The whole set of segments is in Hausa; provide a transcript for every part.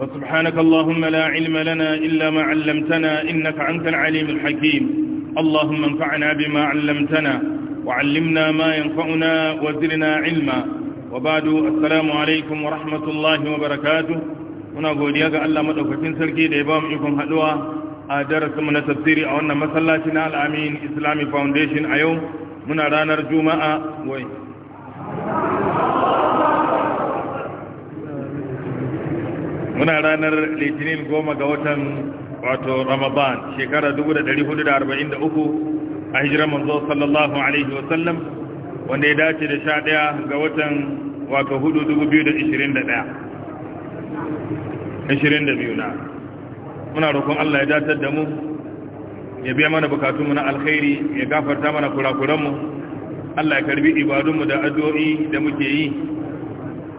وسبحانك اللهم لا علم لنا إلا ما علمتنا إنك أنت العليم الحكيم اللهم انفعنا بما علمتنا وعلمنا ما ينفعنا وزرنا علما وبعد السلام عليكم ورحمة الله وبركاته muna godiya ga Allah madaukakin sarki da ya ba mu ikon haduwa a darasin na tafsiri a wannan masallaci na al Islamic Foundation a yau muna ranar Juma'a wai muna ranar litinin goma ga watan wato ramadan shekara 1443 a hijirar manzo sallallahu alaihi wasallam wanda ya dace da sha daya ga watan wato hudu 2021 na muna roƙon Allah ya datar da mu ya biya mana bukatunmu na alkhairi ya gafarta mana kurakuranmu Allah ya karbi ibadunmu da addu'o'i da muke yi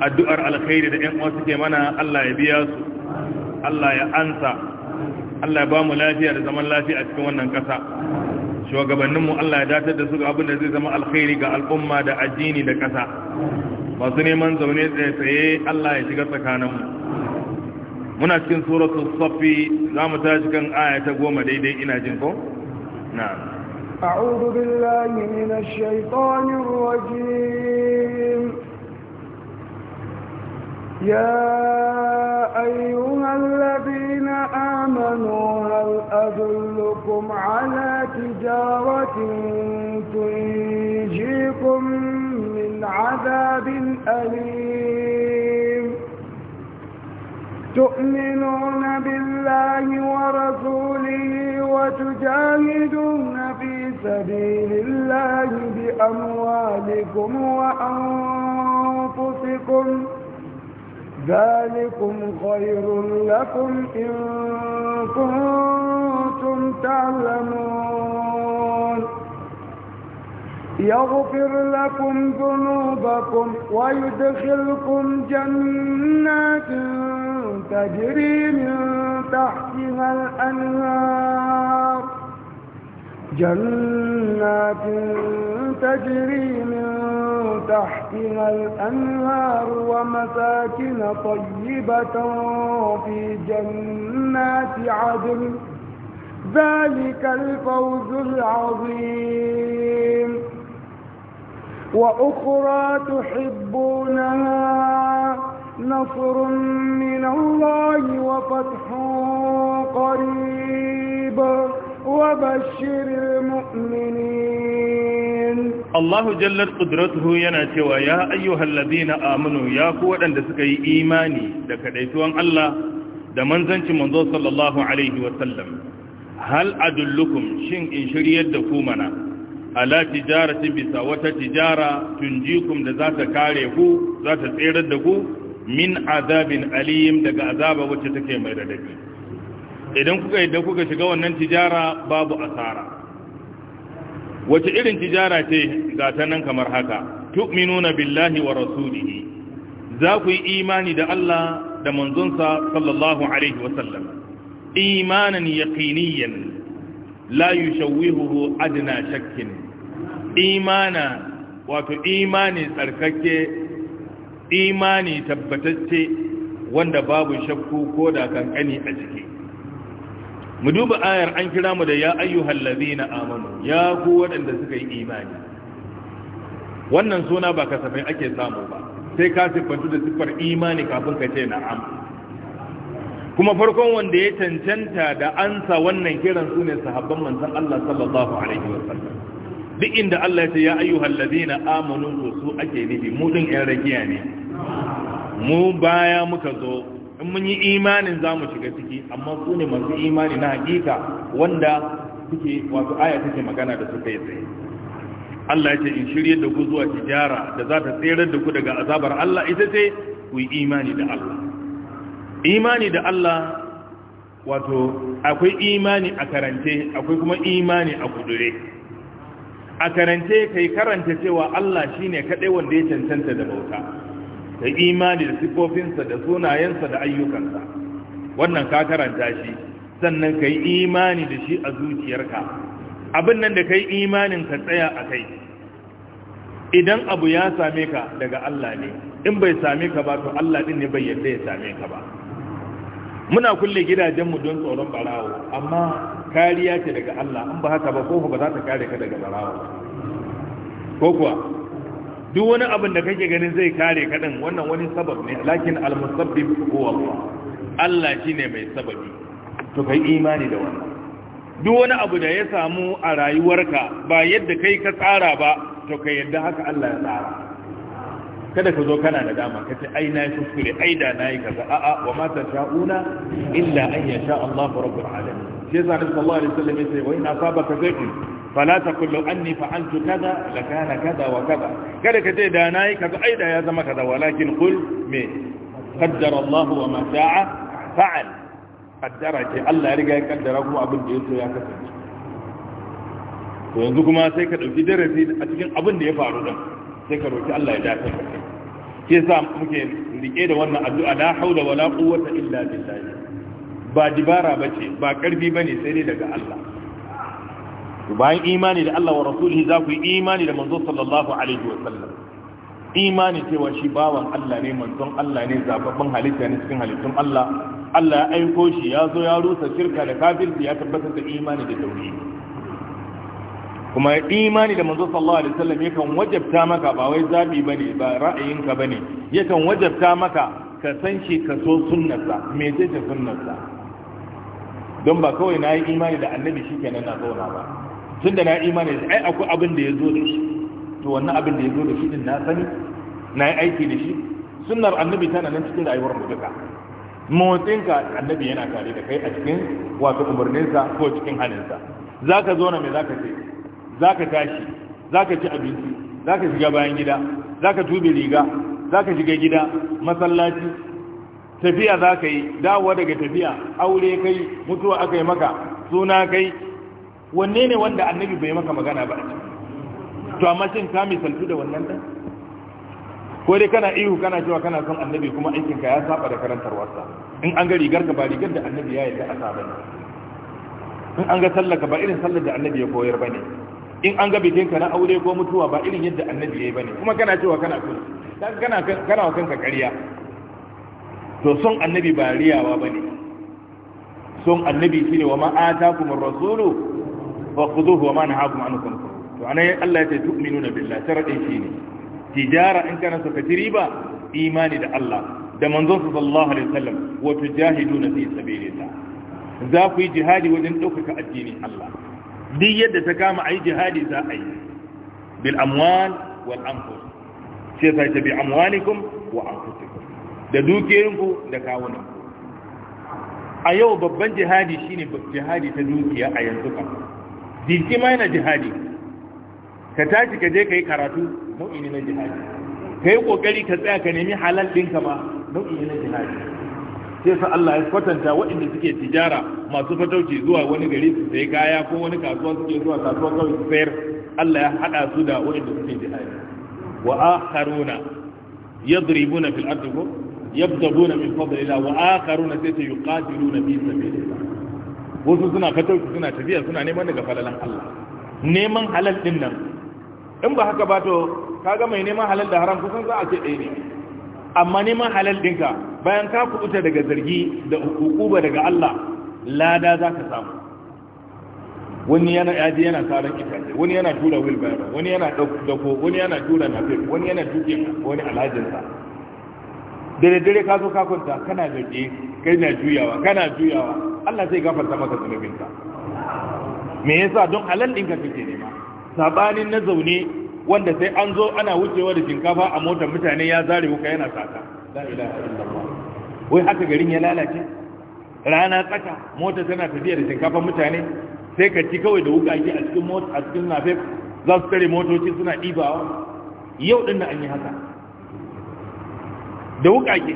addu'ar alkhairi da ‘yan uwa suke mana Allah ya biya su Allah ya ansa Allah ya ba mu lafiya da zaman lafiya a cikin wannan ƙasa shugabanninmu Allah ya datar da su ga abin da zai zama alkhairi ga al'umma da addini da ƙasa masu neman zaune tsaye Allah ya shiga tsakaninmu muna cikin suratul safi za mu tashi kan aya ta goma daidai ina jin ko na'am أعوذ بالله من الشيطان الرجيم يا أيها الذين آمنوا هل أدلكم على تجارة تنجيكم من عذاب أليم تؤمنون بالله ورسوله وتجاهدون في سبيل الله بأموالكم وأنفسكم ذلكم خير لكم إن كنتم تعلمون يغفر لكم ذنوبكم ويدخلكم جنات تجري من تحتها الأنهار جنات تجري من تحتها الأنهار ومساكن طيبة في جنات عدن ذلك الفوز العظيم وأخرى تحبونها نصر من الله وفتح قريب وبشر المؤمنين الله جل قدرته yana cewa ya ayyuhal ladina amanu ya ku wadanda suka yi imani da kadaituwan Allah da manzancin manzo sallallahu alaihi wa sallam hal adullukum shin in shiryar da ku mana ala tijaratin bisa wata tijara tunjikum da zata kare ku zata tsere da ku min azabin aliyim daga azaba wacce take mai radadi idan kuka da kuka shiga wannan tijara babu asara wace irin tijara ce ga ta nan kamar haka tu'minuna billahi wa rasulihi za ku yi imani da Allah da manzonsa sallallahu alaihi wasallam imanan yaƙiniyan. Layu yushawwihuhu adna shakkin imana wato imani tsarkake imani tabbatacce wanda babu shakku ko da kankani a ciki mu duba ayar an kira mu da ya ayyuhal ladina amanu ya ku waɗanda suka yi imani wannan suna ba kasafai ake samu ba sai ka siffantu da siffar imani kafin ka ce na'am kuma farkon wanda ya cancanta da ansa wannan kiran su ne sahabban manzon Allah sallallahu alaihi wasallam duk inda Allah ya ce ya ayyuhal ladina amanu su ake nufi mu din ƴan rakiya ne mu baya muka zo in mun yi imanin za mu shiga ciki amma su ne masu imani na hakika wanda suke wato aya take magana da su kai tsaye Allah ya ce in shirye da ku zuwa tijara da za ta tsere da ku daga azabar Allah ita ce ku yi imani da Allah imani da Allah wato akwai imani a karance akwai kuma imani a kudure a karance kai karanta cewa Allah shine kadai wanda ya cancanta da bauta da imani da sifofinsa da sunayensa da ayyukansa wannan ka karanta shi sannan ka yi imani da shi a zuciyarka abin nan da ka yi imanin ka tsaya a kai idan abu ya same ka daga Allah ne in bai same ka ba to Allah din ne bai yadda ya same ka ba muna kulle gidajenmu don tsoron barawo amma kariya ce daga Allah in ba haka ba ko ba za ta kare ka daga barawo ko kuwa duk wani abin da kake ganin zai kare kaɗan, wannan wani sabab ne lakin al-musabbib huwa Allah shine mai sababi to kai imani da wannan duk wani abu da ya samu a rayuwarka ba yadda kai ka tsara ba to kai yadda haka Allah ya tsara kada ka zo kana da dama ka ce ai na kuskure ai da nayi kaza a'a wa ma ta sha'una illa an yasha Allah rabbul alamin shi da nabi sallallahu alaihi wasallam yace wa in asabaka shay'un fala taqul law anni fa'altu kada la kana kaza wa kada kada ka ce da nayi kaza ai da ya zama kaza walakin qul me qaddara Allah wa ma sha'a fa'al qaddara ke Allah ya riga ya kaddara kuma abin da yaso ya kasance to yanzu kuma sai ka dauki darasi a cikin abin da ya faru din sai ka roki Allah ya dace ka ke sa muke rike da wannan addu'a la haula wala quwwata illa billah ba dibara ba ce ba ƙarfi ba ne sai dai daga Allah bayan imani da Allah wa rasulihi za ku yi imani da manzo sallallahu alaihi wa sallam imani cewa shi bawan Allah ne manzon Allah ne zababban halitta ne cikin halittun Allah Allah ya aiko shi ya zo ya rusa shirka da kafirci ya tabbatar da imani da tauhidi kuma imani da manzo sallallahu alaihi wasallam yakan wajabta maka ba wai zabi bane ba ra'ayinka bane yakan wajabta maka ka san shi ka so sunnarsa me ce ta sunnarsa don ba kawai na yi imani da annabi shi kenan na zauna ba tun da na yi imani da ai akwai abin da ya zo da shi to wannan abin da ya zo da shi din na sani na yi aiki da shi sunnar annabi tana nan cikin rayuwar mu duka motsinka annabi yana tare da kai a cikin wato umarninsa ko cikin haninsa za ka zo na me za ka ce za ka tashi za ka ci abinci za ka shiga bayan gida za ka tube riga za ka shiga gida masallaci tafiya za ka yi dawowa daga tafiya aure kai mutuwa aka yi maka suna kai wanne ne wanda annabi bai maka magana ba to amma shin ka misaltu da wannan dan ko dai kana ihu kana cewa kana son annabi kuma aikin ka ya saba da karantar wasa in an ga rigar ka ba rigar da annabi ya yarda a saba ne in an ga sallar ka ba irin sallar da annabi ya koyar bane in an ga bikin ka na aure ko mutuwa ba irin yadda annabi ya yi bane kuma kana cewa kana so kana kana wa kanka ƙarya to son annabi ba riyawa ba ne son annabi shi ne wa ma'ata kuma rasulu wa kudu wa mana haku ma'anu kan to anan Allah ya ce duk minuna billah sharaɗin shi ne tijara in kana saka riba imani da Allah da manzon su sallallahu alaihi wasallam wa tujahiduna fi sabilillah za ku yi jihadi wajen ɗaukaka addinin Allah duk yadda ta kama ayi jihadi za a yi bil amwal wal anfus sai sai bi amwalikum wa anfus da dukiyarku da kawunan a yau babban jihadi shine jihadi ta dukiya a yanzu ka jiki ma yana jihadi ka tashi ka je ka yi karatu nau'i ne na jihadi ka yi kokari ka tsaya ka nemi halal ɗinka ma nau'i na jihadi sai sa Allah ya kwatanta waɗanda suke tijara masu fatauci zuwa wani gari su sayi kaya ko wani kasuwa suke zuwa kasuwa kawai su sayar Allah ya haɗa su da waɗanda suke jihadi wa akharuna yadribuna fil ardi yabtaguna min la wa akharuna sayta ta yuqatiluna fi sabilillah wasu suna fatauci suna tafiya suna neman daga falalan Allah neman halal din nan in ba haka ba to kaga mai neman halal da haram kusan za a ce ɗaya ne amma neman halal ɗinka bayan ka kuɓuta daga zargi da hukuma daga Allah lada za ka samu wani yana yaji yana karan itace wani yana tura wilbaro wani yana dako wani yana tura nafe wani yana tuke wani alhajinsa da dare ka zo ka kwanta kana gaje kai na juyawa kana juyawa Allah zai gafarta maka zunubinka me yasa don halal ka kake nema sabanin na zaune wanda sai an zo ana wucewa da shinkafa a motar mutane ya zare wuka yana sata la ilaha illallah wai haka garin ya lalace rana tsaka mota tana tafiya da shinkafa mutane sai ka ci kawai da wuka a cikin mota a cikin nafe za su tare motoci suna ɗibawa yau ɗin da an yi haka da wukake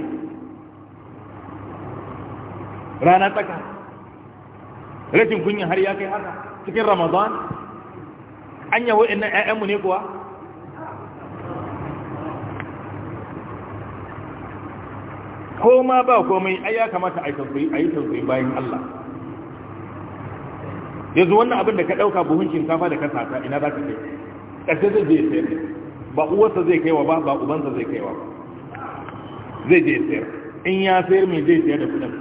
rana tsaka rashin kunya har ya kai haka cikin ramadan an yawo inna ƴaƴanmu ne kuwa ko ma ba komai ai ya kamata a yi tausayi bayan Allah yanzu wannan abin da ka ɗauka buhun shinkafa da ka sata ina za ka kai ƙasar zai je sayar ba uwarsa zai kaiwa ba ba ubansa zai kaiwa ba zai je sayar in ya sayar mai zai sayar da kudin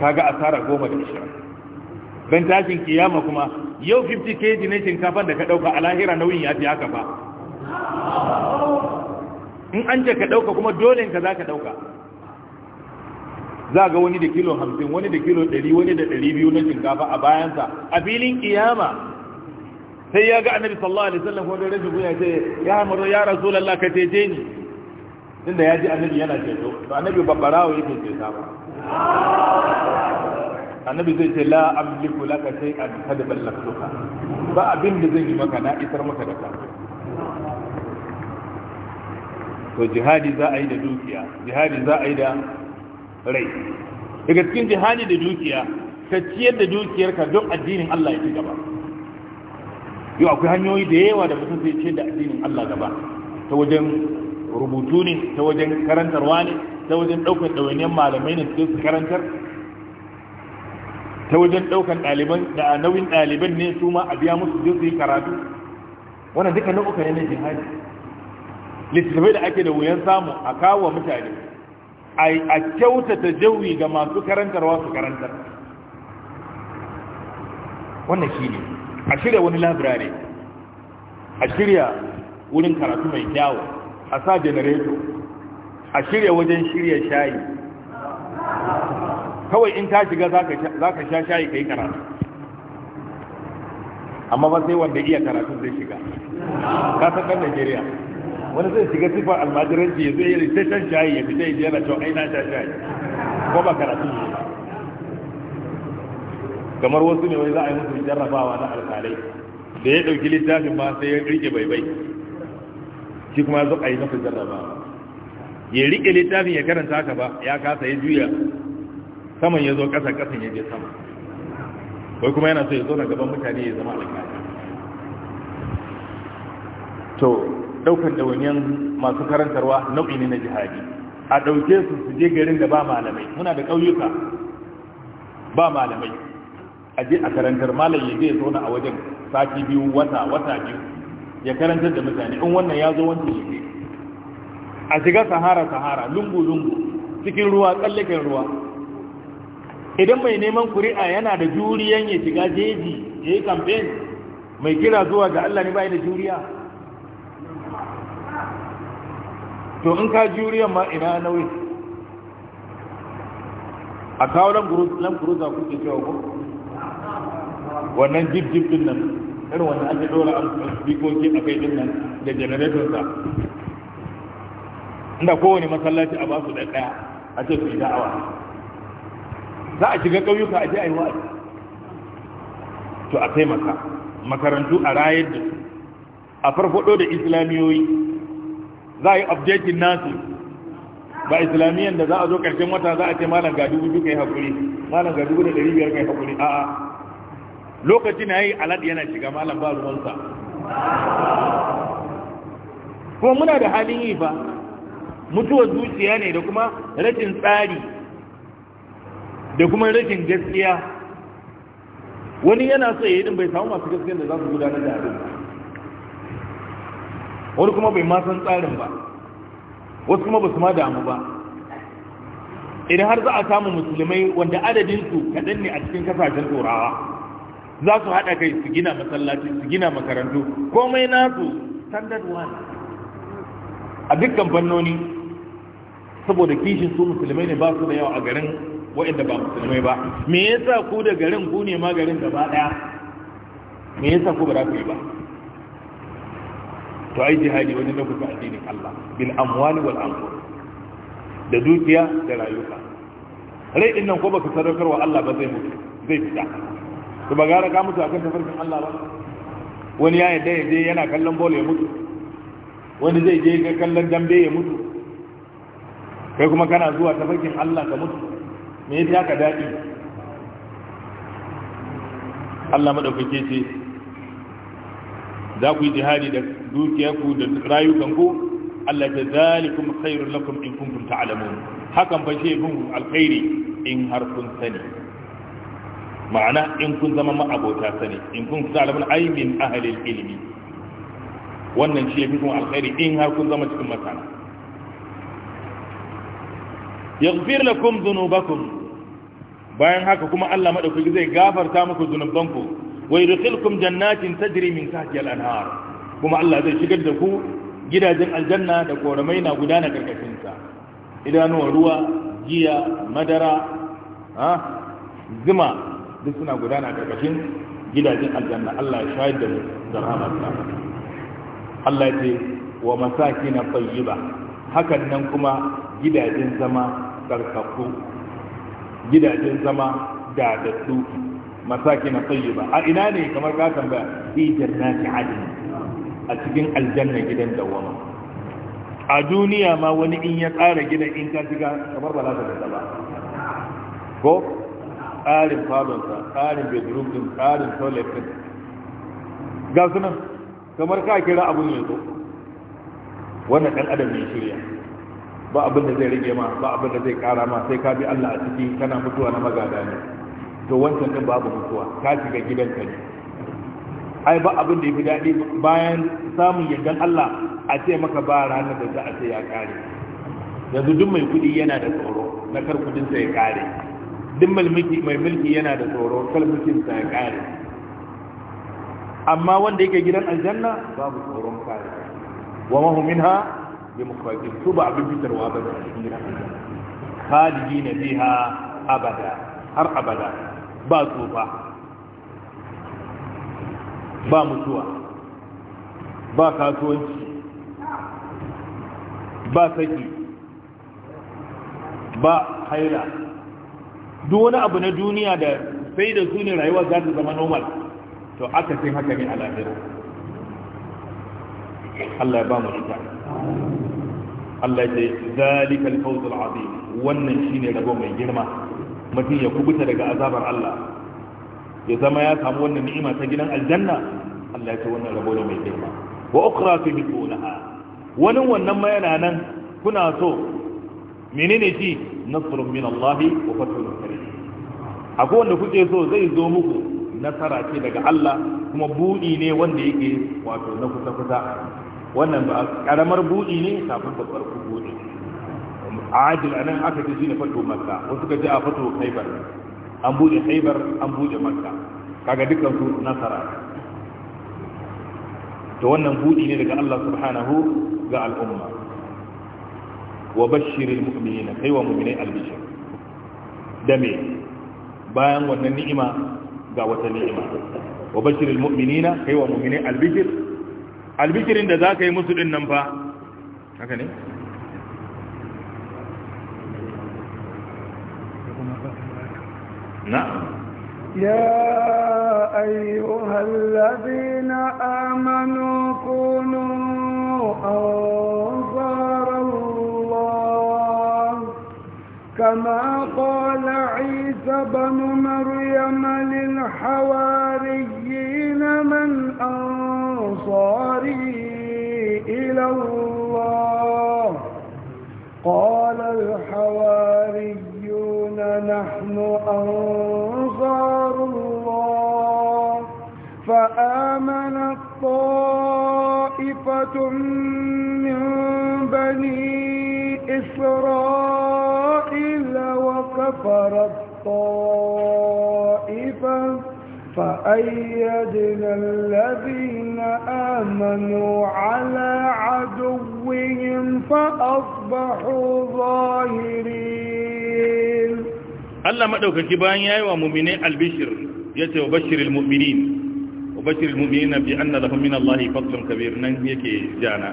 kaga asara goma da shi Ban tashin kiyama kuma yau 50 kg ne shinkafar da ka dauka a lahira nauyin ya fi haka ba in an je ka dauka kuma dole ka za ka dauka za ga wani da kilo 50 wani da kilo 100 wani da 200 na shinkafa a bayansa a filin kiyama sai ya ga annabi sallallahu alaihi wasallam wanda rashin kunya ce ya hamaro ya rasulullah ka teje ni tunda ya ji annabi yana ceto to annabi ba barawo yake ceta ba annabi zai ce la amliku laka shay'an kad ballagtuka ba abin da zan yi maka na isar maka da ka to jihadi za a yi da dukiya jihadi za a yi da rai daga cikin jihadi da dukiya ka ciyar da dukiyarka don addinin Allah ya ci gaba yau akwai hanyoyi da yawa da mutum zai ciyar da addinin Allah gaba ta wajen rubutu ne ta wajen karantarwa ne ta wajen ɗaukar ɗawainiyar malamai ne su karantar ta wajen ɗaukar ɗaliban da nauyin ɗaliban ne su ma a biya musu je su yi karatu wannan duka nau'uka ne na jihadi littattafai da ake da wuyan samu a kawo mutane a kyautata jawi ga masu karantarwa su karantar wannan shi ne a shirya wani labirare a shirya wurin karatu mai kyawo a sa janareto a shirya wajen shirya shayi kawai in ta shiga za ka sha shayi ka yi karatu amma ba sai wanda iya karatu zai shiga ka san ɗan najeriya wani zai shiga sifar almajiranci ya zai yi rikicin shayi ya fita yi yana cewa aina sha shayi ko ba karatu ne kamar wasu ne wai za a yi musu jarrabawa na alkalai da ya ɗauki littafin ba sai ya rike baibai shi kuma zo a yi masa ba? ya riƙe littafin ya karanta haka ba ya kasa ya juya saman ya zo ƙasa ƙasan ya je sama wai kuma yana so ya zo na gaban mutane ya zama alƙali to ɗaukar ɗawainiyar masu karantarwa nau'i ne na jihadi a ɗauke su su je garin da ba malamai muna da ƙauyuka ba malamai a je a karantar malam ya je ya zauna a wajen sati biyu wata wata biyu ya karantar da mutane in wannan ya zo wancan shi a shiga sahara sahara lungu lungu cikin ruwa tsallaken ruwa idan mai neman kuri'a yana da juriyan ya shiga jeji ya yi campaign mai kira zuwa ga Allah ne bai da juriya to in ka juriyan ma ina nauyi a kawo lamkuruza kuke cewa ko wannan jib jib din nan irin wanda ake dora bikoki a kai din nan da sa, inda kowane masallaci a basu da ɗaya a ce su yi da'awa za a shiga ƙauyuka a je a yi wa'azi to a kai maka makarantu a rayar da su a farfado da islamiyoyi za a yi objectin nasu ba islamiyan da za a zo ƙarshen wata za a ce malam ga dubu duka yi haƙuri malam ga dubu da ɗari biyar ka yi haƙuri a'a lokacin ya yi alad yana shiga malam ba ruwansa kuma muna da halin yi ba mutuwar zuciya ne da kuma rashin tsari da kuma rashin gaskiya wani yana so ya yi din bai samu masu gaskiyar da za su gudanar da abin wani kuma bai masan tsarin ba wasu kuma ba su ma damu ba idan har za a samu musulmai wanda adadinsu kaɗan ne a cikin kasashen turawa za su haɗa kai su gina masallaci su gina makarantu komai su standard one a dukkan fannoni saboda kishin su musulmai ne ba su da yawa a garin waɗanda ba musulmai ba me yasa ku da garin ku ne ma garin gaba ɗaya me yasa ku ba za ku yi ba to ai jihadi wani kusa addinin Allah bil amwali wal anfus da dukiya da rayuka rai din nan ko baka sadaukarwa Allah ba zai mutu zai fita to ba gara ka mutu akan tafarkin Allah ba wani ya yadda ya je yana kallon bola ya mutu wani zai je ga kallon dambe ya mutu kai kuma kana zuwa tafarkin Allah ka mutu me yasa ka daɗi Allah madaukake ce za ku yi jihadi da dukiyarku da rayukanku Allah ta zalikum khairun lakum in kuntum ta'lamun hakan fa shi bin alkhairi in har kun sani ma'ana in kun zama ma'abota sani in kun sa alabin ai min ahalil ilimi wannan shi ya fi kuma alkhairi in har kun zama cikin masana yaghfir lakum dhunubakum bayan haka kuma Allah madaukaki zai gafarta muku dhunubanku wa yudkhilkum jannatin tajri min tahtiha al-anhar kuma Allah zai shigar da ku gidajen aljanna da koramai na gudana karkashin sa idanuwa ruwa giya madara zuma duk suna gudana a ƙarƙashin gidajen aljanna Allah ya shayar da mu da rahmatsa Allah ya ce wa masakin tayyiba hakan nan kuma gidajen zama tsarkaku gidajen zama da daddu masakin tayyiba a ina ne kamar ka tambaya fi jannati adn a cikin aljanna gidan dawama a duniya ma wani in ya tsara gidan in ka shiga kamar ba za ka ba ko tsarin falonsa tsarin bedroom din tsarin toilet din ga sunan kamar ka kira abin ya zo wannan ɗan adam ne shirya ba abin da zai rage ma ba abin da zai kara ma sai ka bi Allah a ciki kana mutuwa na magada ne to wancan din babu mutuwa ka shiga gidanka ne ai ba abin da yafi daɗi bayan samun yardan Allah a ce maka ba ranar da za a ce ya kare yanzu duk mai kuɗi yana da tsoro na kar kuɗinsa ya kare duk mulki mai mulki yana da tsoro kal mulkin sa ya kare amma wanda yake gidan aljanna babu tsoron kare wa ma hum minha bi mukhrajin su ba abin fitarwa ba da cikin khalidina biha abada har abada ba tsufa ba mutuwa ba kasuwanci ba saki ba haila duk wani abu na duniya da sai da su ne rayuwa za ta zama normal to aka sai haka ne a lahira Allah ya ba mu ita Allah ya ce al-fawz al-azim wannan shine rabo mai girma mutum ya kubuta daga azabar Allah ya zama ya samu wannan ni'ima ta gidan aljanna Allah ya ce wannan rabo ne mai girma wa ukhra fi biqunaha wani wannan ma yana nan kuna so menene shi nasrun min Allah wa fathu akwai wanda kuke so zai zo muku nasara ce daga Allah kuma buɗi ne wanda yake wato na kusa-kusa wannan ba karamar buɗi ne kafin babbar ku buɗi ajil anan aka ji shine fato makka wasu ka ji a fato haibar an buɗe haibar an buɗe makka kaga dukkan su nasara to wannan buɗi ne daga Allah subhanahu ga al'umma wa bashirin mu'minina kai wa mu'minai albishir da me bayan wannan ni'ima ga wata ni'ima wa bashirul mu'minina kai wa mu'mini albikir albikirin da zaka yi musu din nan fa haka ne na يا أيها الذين آمنوا كونوا أنفسكم كما قال عيسى بن مريم للحواريين من أنصاري إلى الله قال الحواريون نحن أنصار الله فآمنت طائفة من بني إسرائيل وكفرت الطائفة فأيدنا الذين آمنوا على عدوهم فأصبحوا ظاهرين الله ما دوك كبان يا ومؤمنين البشر يتي وبشر المؤمنين وبشر المؤمنين بأن لهم من الله فضل كبير نن يكي جانا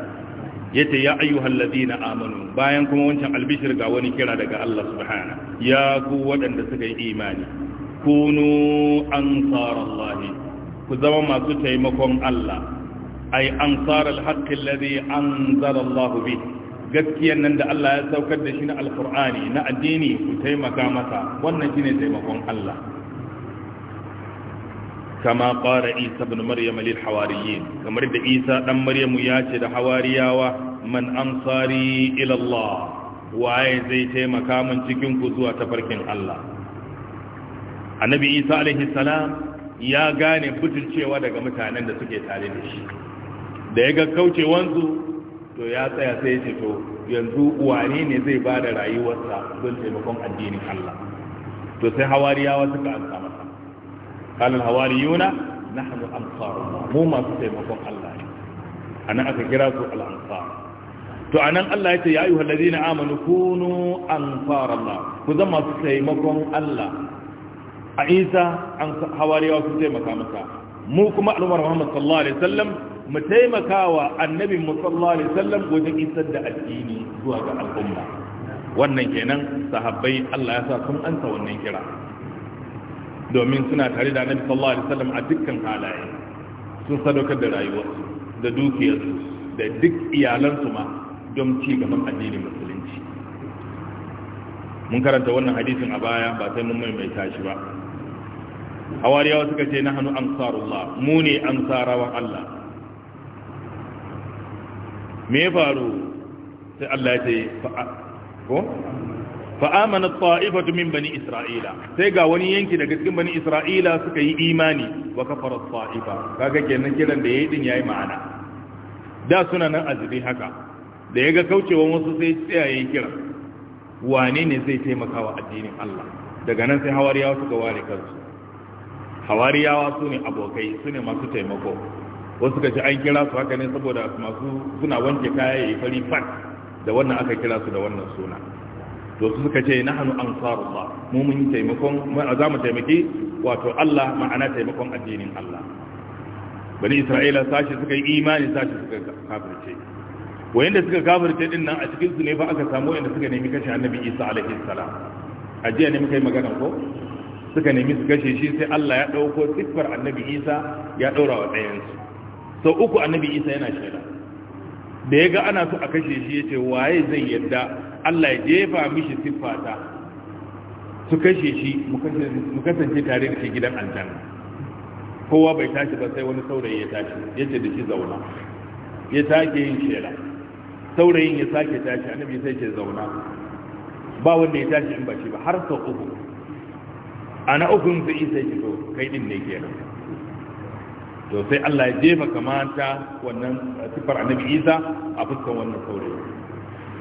yace ya ayyuhal ladina amanu bayan kuma wancan albishir ga wani kira daga Allah subhana ya ku waɗanda suka yi imani kunu ansarallahi ku zama masu taimakon Allah ay ansaral haqqi alladhi anzala Allah bi gaskiyan nan da Allah ya saukar da shi na alkur'ani na addini ku taimaka masa wannan shine taimakon Allah kama ƙara isa bin maryam lil hawariyin kamar da isa ɗan maryamu ya ce da hawariyawa man ansari ila waye zai taimaka min cikin ku zuwa tafarkin Allah annabi isa alaihi salam ya gane butulcewa daga mutanen da suke tare da shi da ya ga kaucewansu to ya tsaya sai ce to yanzu wane ne zai ba da rayuwarsa don taimakon addinin Allah to sai hawariyawa suka amsa masa قال الهواريون نحن أنصار الله مو ما تسيبكم الله أنا أكجراك الأنصار تعنى الله يتي يا أيها الذين آمنوا كونوا أنصار الله كذما تسيبكم الله عيسى هواريا تسيبك مسا مو كما ألوار محمد صلى الله عليه وسلم mataimakawa annabin musallallahu alaihi wasallam wajen isar da addini zuwa ga al'umma wannan kenan sahabbai Allah ya sa sun ansa wannan kira domin suna tare da annabi sallallahu alaihi wasallam a dukkan halaye sun sadaukar da rayuwarsu da dukiyarsu da duk iyalansu ma don ci gaban addinin musulunci mun karanta wannan hadisin a baya ba sai mun maimaita shi ba hawariyawa suka ce na hannu ansarullah mu ne ansarawan Allah me ya faru sai Allah ya ce ko fa'amana ta'ifatu min bani isra'ila sai ga wani yanki daga cikin bani isra'ila suka yi imani wa kafara ta'ifa kaga kenan kiran da yayi din yayi ma'ana da suna nan azibi haka da yaga kaucewan wasu sai tsayaye kiran wane ne zai taimaka wa addinin Allah daga nan sai hawariyawa suka ware kansu hawariyawa sune abokai sune masu taimako wasu ka ci an kira su haka ne saboda masu suna wanke kaya fari fat da wannan aka kira su da wannan suna to su suka ce nahnu ansarullah mu mun taimakon za mu taimaki wato Allah ma'ana taimakon addinin Allah bani isra'ila sashi suka yi imani sashi suka kafirce wayanda suka kafirce din nan a cikin su ne ba aka samu wayanda suka nemi kashe annabi Isa alaihi salam a jiya ne muka yi magana ko suka nemi su kashe shi sai Allah ya dauko siffar annabi Isa ya daura wa ɗayan su sau uku annabi Isa yana shaida da ya ga ana so a kashe shi ya ce waye zai yadda Allah ya jefa mishi siffata su kashe shi mu kasance tare da shi gidan aljanna kowa bai tashi ba sai wani saurayi ya tashi ya ce da shi zauna ya take yin shela saurayin ya sake tashi annabi sai ce zauna ba wanda ya tashi in ba shi ba har sau uku ana ukun su isa ki zo kai din ne kenan to sai Allah ya jefa kamata wannan sifar annabi Isa a fuskan wannan saurayi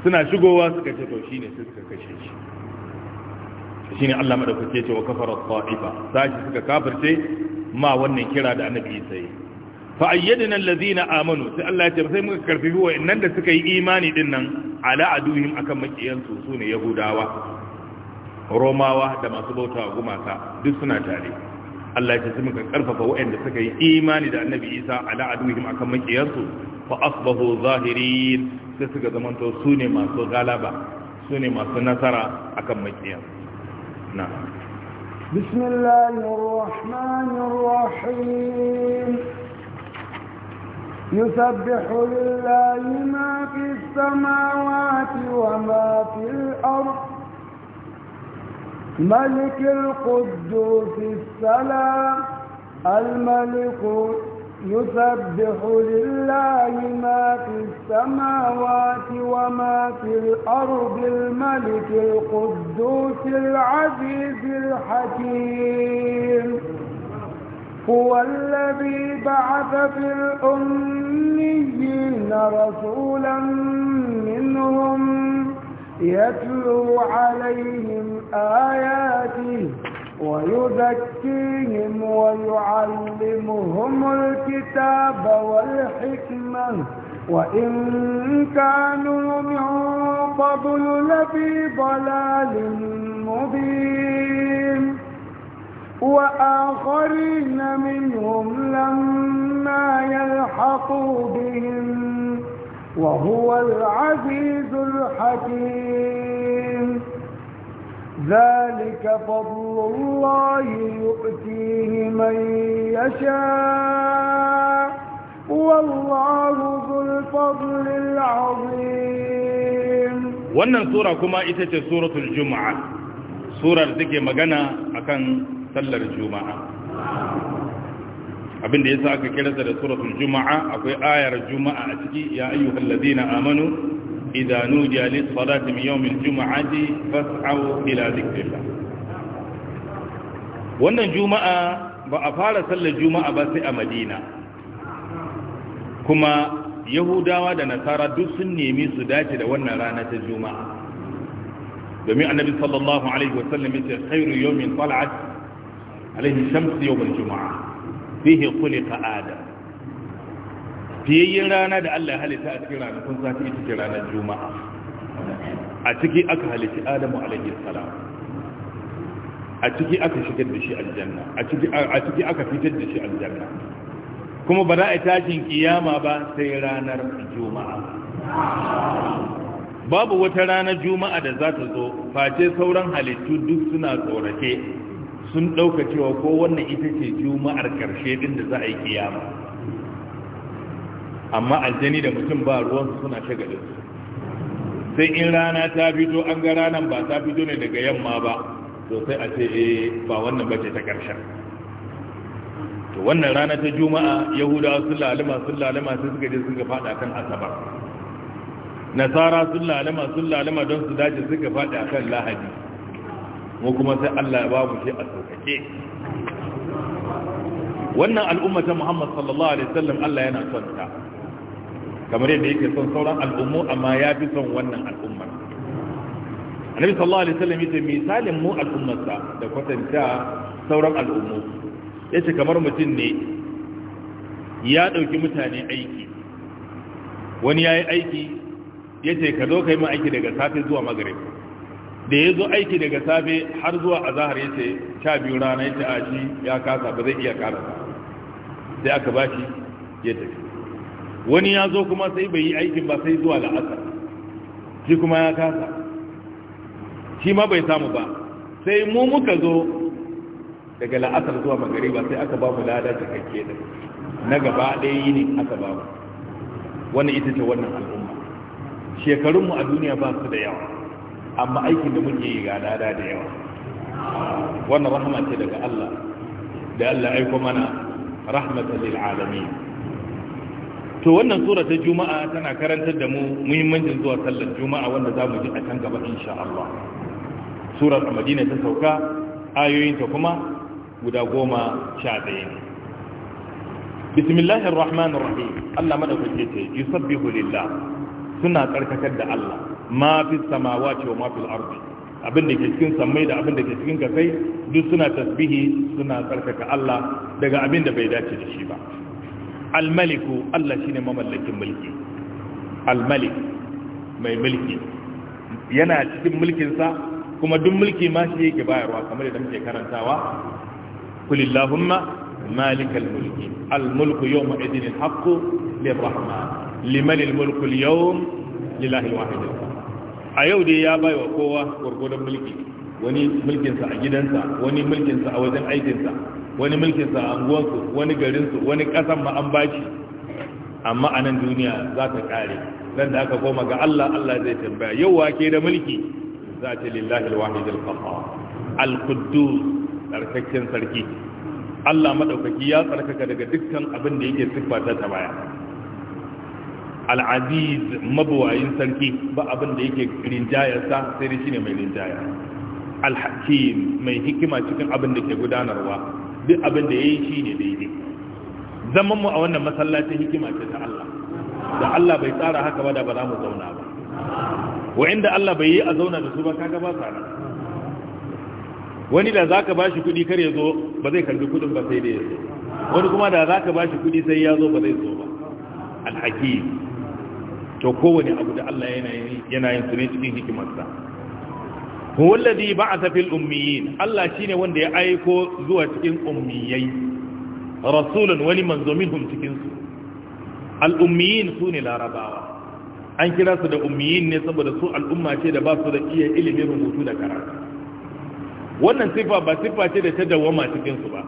suna shigowa suka ce to shine sai suka kashe shi shine Allah madaukake ce wa kafara ta'ifa sashi suka kafirce ma wannan kira da annabi sai fa ayyadna allazina amanu sai Allah ya ce sai muka karfi wa innan da suka yi imani din nan ala aduhim akan makiyan su sune yahudawa romawa da masu bauta gumaka duk suna tare Allah ya ce sai muka karfafa wa'anda suka yi imani da annabi Isa ala aduhim akan makiyan su fa asbahu zahirin sai suka zama to su ne masu galaba su ne masu nasara akan makiyan na بسم الله الرحمن يسبح لله ما في السماوات وما في الأرض ملك القدوس السلام الملك يسبح لله ما في السماوات وما في الأرض الملك القدوس العزيز الحكيم هو الذي بعث في الأميين رسولا منهم يتلو عليهم آياته ويزكيهم ويعلمهم الكتاب والحكمة وإن كانوا من قبل لفي ضلال مبين وآخرين منهم لما يلحقوا بهم وهو العزيز الحكيم ذلك فضل الله يؤتيه من يشاء والله ذو الفضل wannan sura kuma ita ce suratul juma'a surar take magana akan sallar juma'a abinda yasa aka kira ta da juma'a akwai ayar juma'a a ciki ya ayyuhal ladina amanu إذا نودي للصلاة من يوم الجمعة فاسعوا إلى ذكر الله wannan juma'a ba a fara sallar juma'a ba sai a madina kuma yahudawa da nasara duk sun nemi su dace da wannan rana ta juma'a domin annabi sallallahu alaihi wasallam ya ce khairu yawmin tal'at alaihi shamsu yawmal juma'a fihi khuliqa adam fiyayyen rana da Allah ya halitta a cikin ranakun sati ita ce ranar juma'a a ciki aka halitta adamu alaihi salam a ciki aka shigar da shi aljanna a ciki aka fitar da shi aljanna kuma ba za a tashin kiyama ba sai ranar juma'a babu wata ranar juma'a da za ta zo face sauran halittu duk suna tsorake sun ɗauka cewa ko wannan ita ce juma'ar ƙarshe ɗin da za a yi kiyama amma aljani da mutum ba ruwansu suna shagalin su sai in rana ta fito an ga ranan ba ta fito ne daga yamma ba to sai a ce eh ba wannan bace ta karshen to wannan rana ta juma'a yahudawa sun lalima sun lalima sai suka je suka fada kan asabar nasara sun lalima sun lalima don su dace suka fada kan lahadi mu kuma sai Allah ya babu shi a sauƙaƙe wannan al'umma Muhammad sallallahu alaihi wasallam Allah yana son ta kamar yadda yake son sauran al'ummu amma ya fi son wannan al'ummar annabi sallallahu alaihi wasallam yace misalin mu al'ummarsa da kwatanta sauran al'ummu yace kamar mutum ne ya dauki mutane aiki wani yayi aiki yace ka zo kai min aiki daga safe zuwa magrib da ya zo aiki daga safe har zuwa azahar yace sha biyu rana yace a shi ya kasa ba zai iya karasa sai aka bashi ya tafi wani ya zo kuma sai bai yi aikin ba sai zuwa la'asar shi kuma ya kasa shi ma bai samu ba sai mu muka zo daga la'asar zuwa magari ba sai aka ba mu lada cikakke da na gaba ɗaya yi ne aka ba mu wani ita ce wannan al'umma shekarunmu a duniya ba su da yawa amma aikin da muke yi ga lada da yawa wannan rahama ce daga Allah da Allah aiko mana rahmatan lil alamin to wannan sura ta juma'a tana karantar da mu muhimmancin zuwa sallar juma'a wanda za mu ji a kan gaba insha Allah surar a madina ta sauka ayoyinta kuma guda goma sha ɗaya ne bismillahir rahmanir rahim Allah madaukake ce yusabbihu lillah suna tsarkakar da Allah ma fi samawati wa ma ardi abin da ke cikin sammai da abin da ke cikin kasai duk suna tasbihi suna tsarkaka Allah daga abin da bai dace da shi ba almaliku Allah shi ne mamallakin mulki almalik mai mulki yana cikin mulkinsa kuma duk mulki ma shi yake bayarwa kamar da muke karantawa kulillahumma malikal mulki almulku yawma idin alhaqqu lirrahman liman almulku alyawm lillahi alwahid a yau dai ya baiwa kowa gurgurdan mulki wani mulkinsa a gidansa wani mulkinsa a wajen aikinsa wani mulkin sa anguwansu wani garinsu wani kasan ma an bashi amma a nan duniya za ta kare nan da aka koma ga Allah Allah zai tambaya yau ke da mulki za ta lillahi alwahid alqahhar alquddus tsarkakken sarki Allah madaukaki ya tsarkaka daga dukkan abin da yake siffata ta baya Al-Aziz mabuwayin sarki ba abin da yake rinjayarsa sai dai shine mai rinjaya al-hakim mai hikima cikin abin da ke gudanarwa duk abin da shi ne daidai zaman mu a wannan masallacin hikima ce ta Allah da Allah bai tsara haka ba da ba za mu zauna ba Wa inda Allah bai yi a zauna da su ba kaga ba tsara wani da za zaka bashi kuɗi kar ya zo ba zai kalli kuɗin ba sai da ya zo wani kuma da za zaka bashi kuɗi sai ya zo ba zai zo ba alhaki to kowane abu da Allah yana yin yana yin su ne cikin hikimarsa huwallazi ba'atha fil ummiyin Allah shine wanda ya aiko zuwa cikin ummiyai rasulun wani manzo minhum cikin su al ummiyin sune larabawa an kira su da ummiyin ne saboda su al'umma ce da ba su da iya ilimin rubutu da karatu wannan sifa ba sifa ce da ta dawama cikin su ba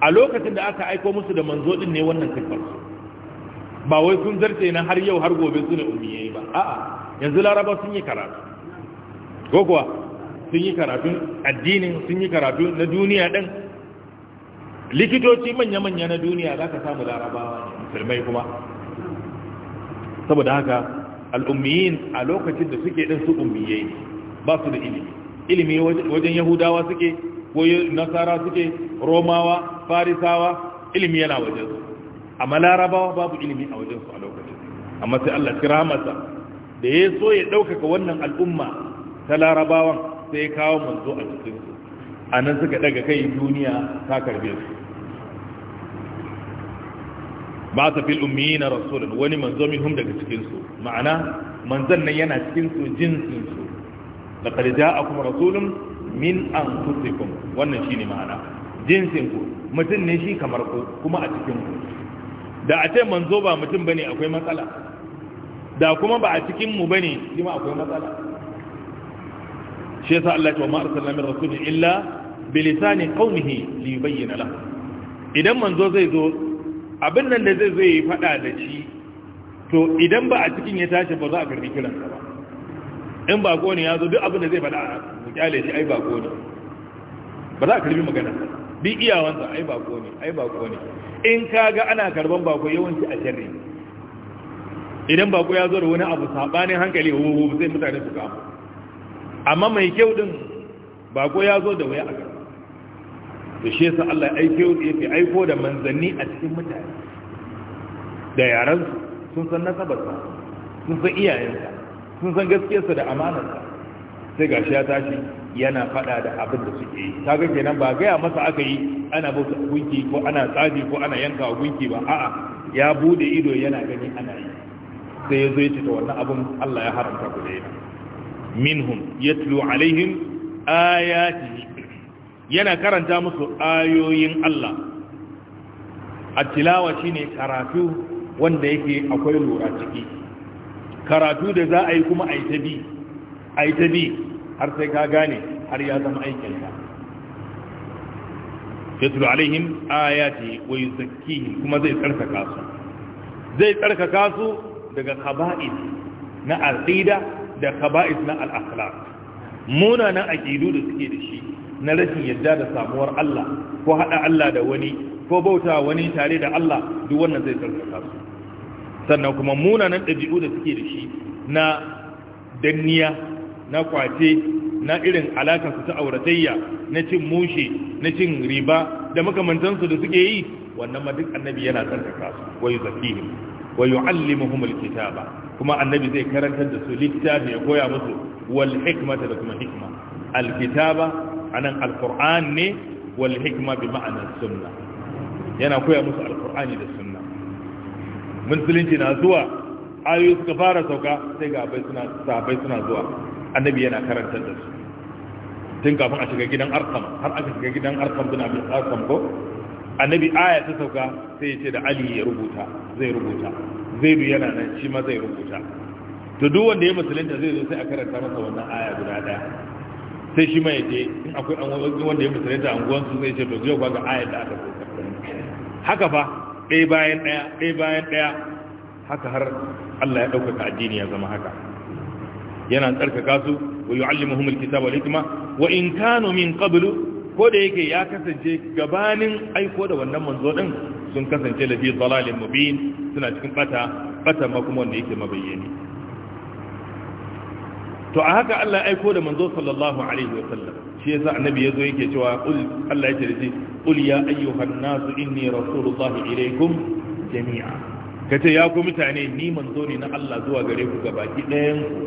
a lokacin da aka aiko musu da manzo din ne wannan sifar su ba wai sun zarce na har yau har gobe su ne ummiyai ba a'a yanzu laraba sun yi karatu ko kuwa sun yi karatun addinin sun yi karatu na duniya ɗin likitoci manya-manya na duniya za ka samu larabawa ne musulmai kuma saboda haka al'ummiyin a lokacin da suke ɗin su ummiyai ba su da ilimi ilimi wajen yahudawa suke ko nasara suke romawa farisawa ilimi yana wajensu amma larabawa babu ilimi a wajensu a lokacin amma sai allah kira masa da ya so ya ɗaukaka wannan al'umma ta larabawan sai ya kawo manzo a cikinsu a nan suka daga kai duniya ta karbe su ba ta fil na rasulun wani manzo hum daga cikinsu ma'ana manzon nan yana cikinsu jinsinsu a kuma rasulun min an anfusikum wannan shi ne ma'ana jinsinku mutum ne shi kamar ku kuma a cikin ku da a ce manzo ba mutum bane akwai matsala da kuma ba a cikin mu bane shi ma akwai matsala shi yasa Allah ya ce ma arsalna min rasulin illa bi lisani qaumihi li bayyana lahu idan manzo zai zo abin nan da zai zo yi fada da shi to idan ba a cikin ya tashi ba za a karbi kiran ba in ba ne ya zo duk abin da zai fada mu kyale shi ai ba ne ba za a karbi magana bi iyawansa ai ba ne ai ba ne in kaga ana karban bako yawanci a sharri idan bako ya zo da wani abu sabanin hankali wuwu sai mutane su kama amma mai kyau din bako ya zo da waya a kan da shi yasa Allah ya fi aiko da manzanni a cikin mutane da yaran sun san nasabarsa sun san iyayensa sun san gaskiyarsa da amanarsa sai gashi ya tashi yana fada da abin da suke yi ga kenan ba gaya masa aka yi ana bauta gunki ko ana tsaji ko ana yanka gunki ba a'a ya bude ido yana gani ana yi sai ya zo ya ce ta wannan abin Allah ya haramta ku da yana منهم يتلو عليهم ayatihi yana karanta musu ayoyin Allah tilawa shine karatu wanda yake akwai lura ciki karatu da za a yi kuma aitabi aitabi ta bi har sai ka gane har ya zama aikin ka yatlu alaihim ayati wa yuzakkihim kuma zai tsarkaka su zai tsarkaka su daga khaba'ith na aqida da kaba'is na al'akhlaq munanan aqidu da suke da shi na rashin yadda da samuwar Allah ko hada Allah da wani ko bauta wani tare da Allah duk wannan zai karkata su sannan kuma munanan dabi'u da suke da shi na danniya na kwace na irin alaka su ta auratayya na cin mushe na cin riba da makamantansu da suke yi wannan ma duk annabi yana karkata su wayu zakihim wa yu'allimuhum alkitaba kuma annabi zai karantar da su littafi ya koya musu wal hikmata da kuma hikma alkitaba anan alquran ne wal hikma bi ma'ana sunna yana koya musu alqurani da sunna musulunci na zuwa ayoyi suka fara sauka sai ga abai suna sabai suna zuwa annabi yana karantar da su tun kafin a shiga gidan arkam har aka shiga gidan arkam bin abin arkam ko annabi aya ta sauka sai ya ce da ali ya rubuta zai rubuta zai bi yana nan shi ma zai rubuta to duk wanda ya musulunta zai zo sai a karanta masa wannan aya guda daya sai shi ma ya je in akwai an wanda ya musulunta anguwan su zai ce to zai ga aya da aka rubuta haka fa ɗaya bayan ɗaya ɗaya bayan ɗaya haka har Allah ya ɗaukaka addini ya zama haka yana tsarkaka su wa yu'allimuhumul kitaba wal hikma wa in kanu min qablu ko da yake ya kasance gabanin aiko da wannan manzo din sun kasance lafi dalalin mubin suna cikin bata bata ma kuma wanda yake mabayyani to a haka Allah aiko da manzo sallallahu alaihi wa sallam shi yasa annabi yazo yake cewa qul Allah yake dace qul ya ayyuhan nas inni rasulullahi ilaykum jami'a kace ya ku mutane ni manzo ne na Allah zuwa gare ku gabaki ɗayan ku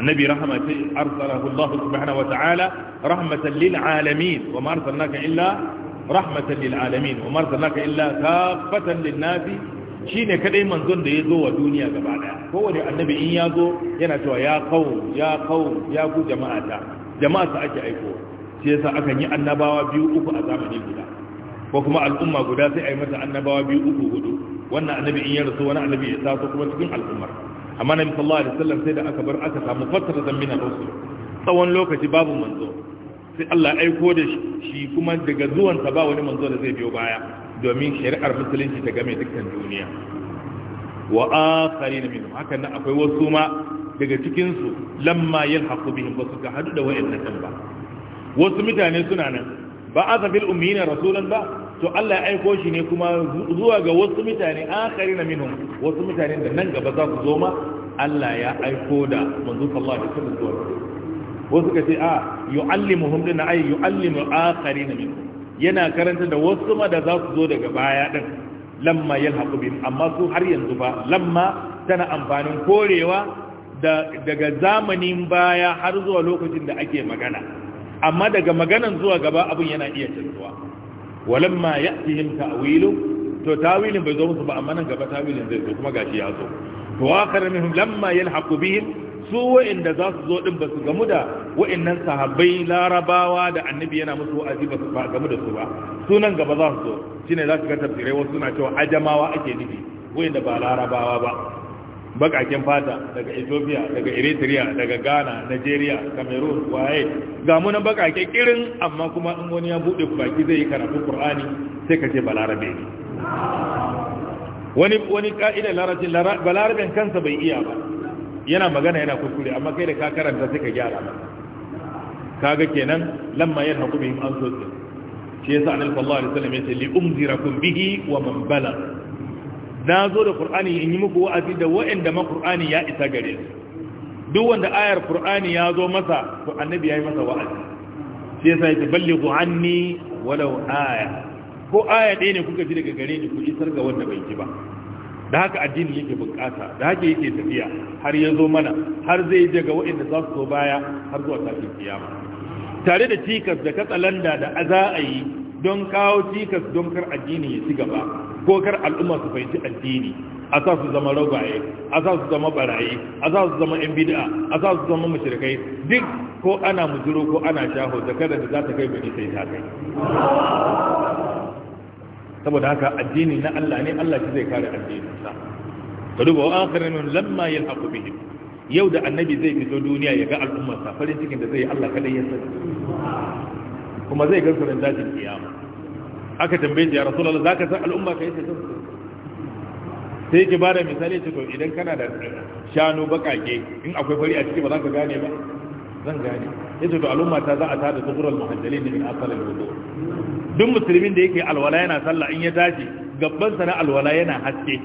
النبي رحمة أرسله الله سبحانه وتعالى رحمة للعالمين وما أرسلناك إلا رحمة للعالمين وما أرسلناك إلا كافة للناس shine kadai manzon da zo wa duniya gaba daya kowane annabi in ya qaum ya qaum ya ku jama'ata jama'a sa ake aiko shi yasa yi annabawa biyu uku a zamani guda ko kuma al'umma guda sai ayi mata annabawa biyu uku hudu wannan annabi in ya rasu wani annabi ya kuma cikin al'ummar amma nabi sallallahu alaihi wasallam sai da aka bar aka samu fatratan min ar-rusul tsawon lokaci babu manzo sai Allah aiko da shi kuma daga zuwanta ba wani manzo da zai biyo baya domin shari'ar musulunci ta game dukkan duniya wa akharin min hakan na akwai wasu ma daga cikin su lamma yalhaqu ba su ka haɗu da wa'annan ba wasu mutane suna nan ba azabil ummiina rasulan ba to Allah ya aiko shi ne kuma zuwa ga wasu mutane akari na minhum wasu mutane da nan gaba za su zo ma Allah ya aiko da manzo sallallahu alaihi wasallam zuwa wasu ka ce a yu'allimuhum din ay yu'allimu akari na minhum yana karanta da wasu ma da za su zo daga baya din lamma yalhaqu bihim amma su har yanzu ba lamma tana amfanin korewa daga zamanin baya har zuwa lokacin da ake magana amma daga maganan zuwa gaba abin yana iya canzuwa walamma ya'tihim ta'wilu to tawilin bai zo musu ba amma nan gaba tawilin zai zo kuma gashi ya zo to akhar minhum lamma yalhaqu bihim su wa'inda za su zo din ba su gamu da wa'innan sahabbai larabawa da annabi yana musu wa'azi ba su ba gamu da su ba Su nan gaba za su zo shine za su ga tafsirai wasu suna cewa ajamawa ake nufi wa'inda ba larabawa ba bakakin fata daga ethiopia daga eritrea daga ghana nigeria cameroon waye ga muna bakake kirin amma kuma in wani ya bude baki zai yi karatu qur'ani sai kace balarabe ne wani wani ka'ida larabin balarabin kansa bai iya ba yana magana yana kuskure amma kai da ka karanta sai ka gyara ba kaga kenan lamma ya bihim an sosai shi yasa annabi sallallahu alaihi wasallam yace li umzirakum bihi wa man balagha na zo da qur'ani in yi muku wa'azi da wa'anda ma qur'ani ya isa gare su duk wanda ayar qur'ani ya zo masa to annabi ya yi masa wa'azi sai yasa ya ballighu anni walau aya ko aya ɗaya ne kuka ji daga gare ni ku isar ga wanda bai ji ba da haka addini yake bukata da haka yake tafiya har ya zo mana har zai daga wa'inda za su zo baya har zuwa tashin kiyama tare da cikas da katsalanda da za a yi don kawo cikas don kar addini ya ci gaba ko kar al'umma su fahimci addini a sa su zama ragwaye a sa su zama barayi a sa su zama yan bid'a a sa su zama mushrikai duk ko ana mujuro ko ana shaho da kada da za ta kai bari sai ta kai saboda haka addini na Allah ne Allah shi zai kare addinin sa ka duba wa akhirin lamma yalhaqu bihim yau da annabi zai fito duniya ya ga al'ummar sa farin cikin da zai Allah kadai ya sani kuma zai ga sunan dajin kiyama aka tambaye shi ya za zaka san al'umma yi sai sai yake bada misali ce to idan kana da shanu bakake in akwai fari a ciki ba za ka gane ba zan gane ce to al'umma ta za a da zuhurul muhajjali ne a tsarin wudu duk musulmin da yake alwala yana sallah in ya tashi gabban sa na alwala yana haske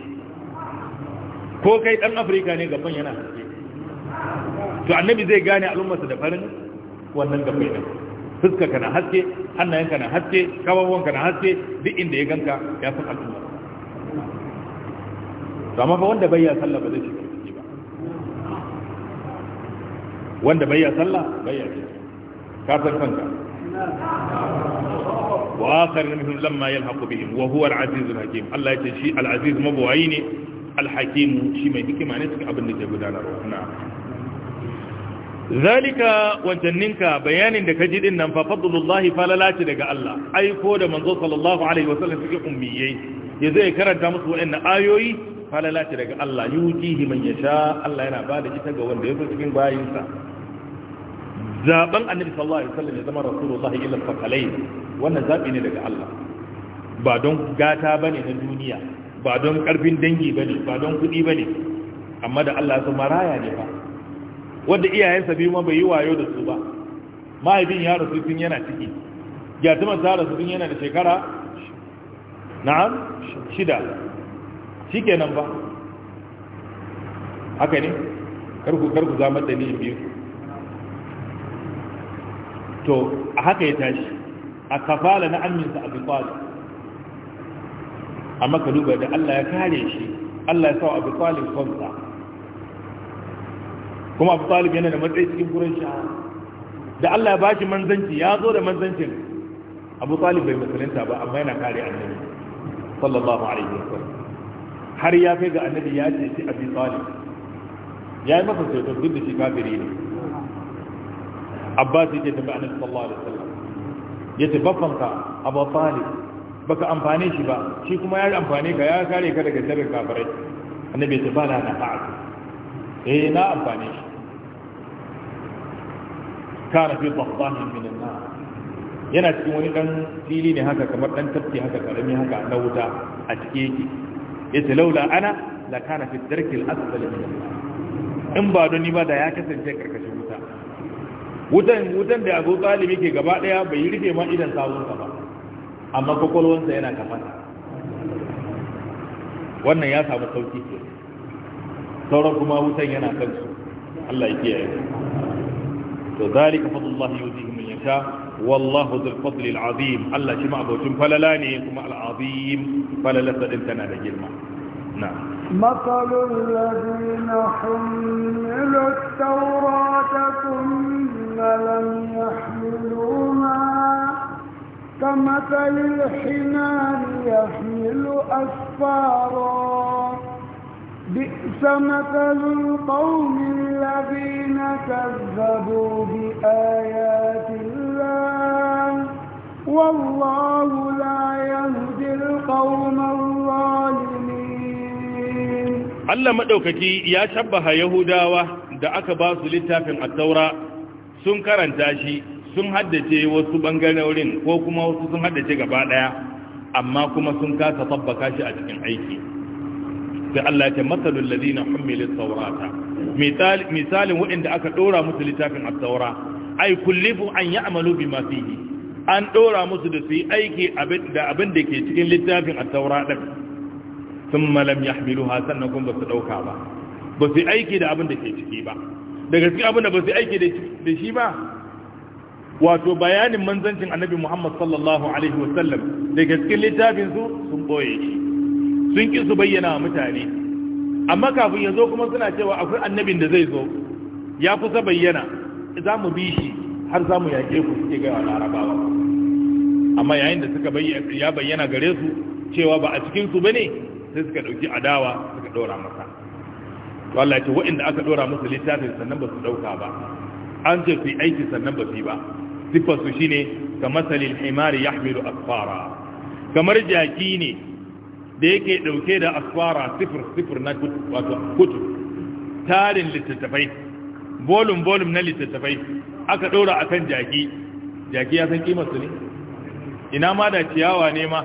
ko kai dan afirka ne gabban yana haske to annabi zai gane al'ummarsa da farin wannan gabbai din fuskarka na haske hannayenka na haske kawawanka na haske duk inda ya ganka ya san al'umma to amma fa wanda bai ya sallah ba zai shiga ciki ba wanda bai ya sallah bai ya ciki ka san kanka wa na minhum lamma yalhaqu bihim wa huwa al-aziz al-hakim Allah ya ce shi al-aziz mabawai ne al-hakim shi mai hikima ne Suka abin da ke gudanarwa na'am zalika wancaninka bayanin da kaji din nan fa fadlullahi falalaci daga Allah aiko da manzo sallallahu alaihi wasallam cikin ummiyai ya zai karanta musu waɗannan ayoyi falalaci daga Allah yutihi man yasha Allah yana ba da ita ga wanda yaso cikin bayinsa Zaban annabi sallallahu alaihi wasallam ya zama rasulullahi illa fakalai wannan zabi ne daga Allah ba don gata bane na duniya ba don karfin dangi bane ba don kudi bane amma da Allah ya so maraya ne ba wanda iyayensa biyu ma bai yi wayo da su ba mahaifin ya rasu tun yana ciki gyatumar ta rasu tun yana da shekara na'am shida shi kenan ba haka ne karku karku zamar da ni biyu to a haka ya tashi a kafala na aminsa a bikwali amma ka duba da Allah ya kare shi Allah ya sawa a bikwalin kwanza kuma abu talib yana da matsayi cikin gurin sha da Allah ya bashi manzanci ya zo da manzancin abu talib bai musulunta ba amma yana kare annabi sallallahu alaihi wa wasallam har ya kai ga annabi ya ce shi abi talib ya yi masa ceto duk da shi kafiri ne abbas yake tabi annabi sallallahu alaihi wasallam yace baffanka abu talib baka amfane shi ba shi kuma ya amfane ka ya kare ka daga sharrin kafirai annabi ya ce ba na fa'a eh na amfane shi kana fi dhahbanin min an-nar yana cikin wani dan fili ne haka kamar dan tafsi haka karami haka na wuta a cike yake yace laula ana la kana fi darki al-asfal min nar in ba don ni ba da ya kasance karkashin wuta wutan wutan da Abu talibi ke gaba daya bai rufe ma idan ka ba amma kwakwalwansa yana kafata wannan ya samu sauki ke sauran kuma wutan yana kansu Allah ya kiyaye وذلك فضل الله يؤتيه من يشاء والله ذو الفضل العظيم الله شما ابوتين فللاني كما العظيم فللت انت انا نعم مثل الذين حملوا التوراة ثم لم يحملوها كمثل الحمار يحمل أسفارا بئس مثل القوم الذين كذبوا بآيات الله والله لا يهدي القوم الظالمين الله مدوككي يا شبه يهوداوة da aka ba su littafin attaura sun karanta shi sun haddace wasu bangarorin ko kuma wasu sun haddace gaba daya amma kuma sun kasa tabbaka shi a cikin aiki sai Allah ya ce masalul ladina humilu tawrata misal misalin waɗanda aka ɗora musu littafin at-taura ay kullifu an yi ya'malu bima yi an ɗora musu da su yi aiki da abin da ke cikin littafin at-taura din thumma lam yahmiluha sannan kuma su ɗauka ba ba su yi aiki da abin da ke ciki ba daga cikin abin da ba su yi aiki da shi ba wato bayanin manzancin annabi Muhammad sallallahu Alaihi wasallam cikin littafin su sun ɓoye shi sun ƙi su bayyana wa mutane amma kafin ya zo kuma suna cewa akwai annabin da zai zo ya kusa bayyana za mu bi shi har za mu yaƙe ku suke gaya larabawa amma yayin da suka ya bayyana gare su cewa ba a cikinsu ba ne sai suka ɗauki adawa suka ɗora masa to ce waɗanda aka ɗora musu littafin sannan ba su ɗauka ba an ce su aiki sannan ba su yi ba su shine ka masalin himari yahmilu asfara kamar jaki ne da yake dauke da asfara sifir sifir na kutu tarin littattafai bolum bolum na littattafai aka dora akan jaki jaki ya san kimar su ne ina ma da ciyawa ne ma